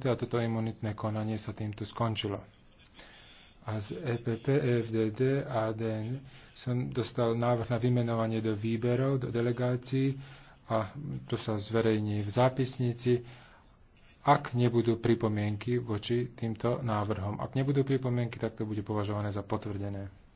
teda toto imunitné konanie sa týmto skončilo. A z EPP, e FDD a ADN som dostal návrh na vymenovanie do výberov, do delegácií a to sa zverejní v zápisnici, ak nebudú pripomienky voči týmto návrhom. Ak nebudú pripomienky, tak to bude považované za potvrdené.